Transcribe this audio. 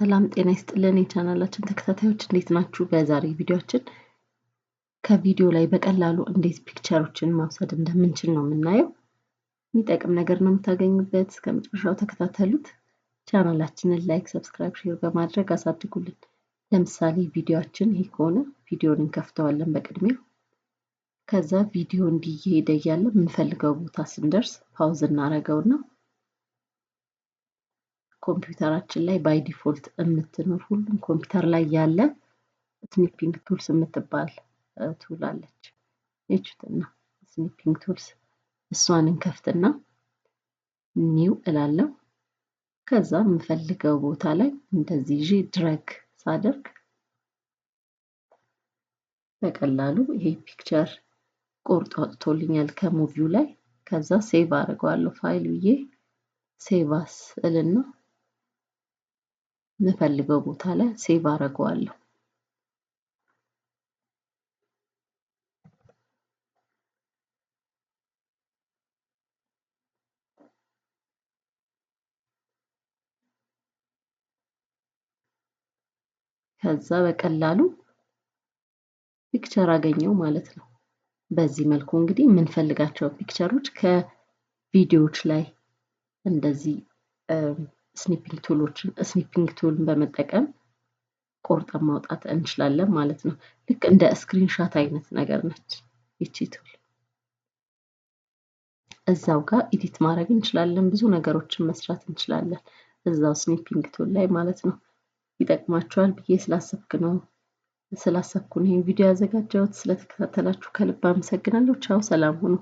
ሰላም ጤና ይስጥልን የቻናላችን ተከታታዮች እንዴት ናችሁ? በዛሬ ቪዲዮችን ከቪዲዮ ላይ በቀላሉ እንዴት ፒክቸሮችን ማውሰድ እንደምንችል ነው የምናየው። የሚጠቅም ነገር ነው የምታገኙበት። እስከ መጨረሻው ተከታተሉት። ቻናላችንን ላይክ፣ ሰብስክራይብ፣ ሼር በማድረግ አሳድጉልን። ለምሳሌ ቪዲዮችን ይህ ከሆነ ቪዲዮን እንከፍተዋለን በቅድሚያ። ከዛ ቪዲዮ እንዲሄደ እያለ የምንፈልገው ቦታ ስንደርስ ፓውዝ እናደርገውና ኮምፒውተራችን ላይ ባይ ዲፎልት የምትኖር ሁሉም ኮምፒውተር ላይ ያለ ስኒፒንግ ቱልስ የምትባል ቱል አለች። የችትና ስኒፒንግ ቱልስ እሷን እንከፍትና ኒው እላለሁ። ከዛ የምፈልገው ቦታ ላይ እንደዚህ ይዤ ድረግ ሳደርግ በቀላሉ ይሄ ፒክቸር ቆርጦ አውጥቶልኛል ከሙቪው ላይ። ከዛ ሴቭ አድርገዋለሁ ፋይል ብዬ ሴቭ እልና የምፈልገው ቦታ ላይ ሴቭ አደርገዋለሁ። ከዛ በቀላሉ ፒክቸር አገኘው ማለት ነው። በዚህ መልኩ እንግዲህ የምንፈልጋቸው ፒክቸሮች ከቪዲዮዎች ላይ እንደዚህ ስኒፒንግ ቱሎችን ስኒፒንግ ቱልን በመጠቀም ቆርጠን ማውጣት እንችላለን ማለት ነው። ልክ እንደ ስክሪንሻት አይነት ነገር ነች ይቺ ቱል። እዛው ጋር ኢዲት ማድረግ እንችላለን፣ ብዙ ነገሮችን መስራት እንችላለን እዛው ስኒፒንግ ቱል ላይ ማለት ነው። ይጠቅማችኋል ብዬ ስላሰብክ ነው ስላሰብኩ ነው ይህን ቪዲዮ ያዘጋጀሁት። ስለተከታተላችሁ ከልብ አመሰግናለሁ። ቻው፣ ሰላም ሁኑ።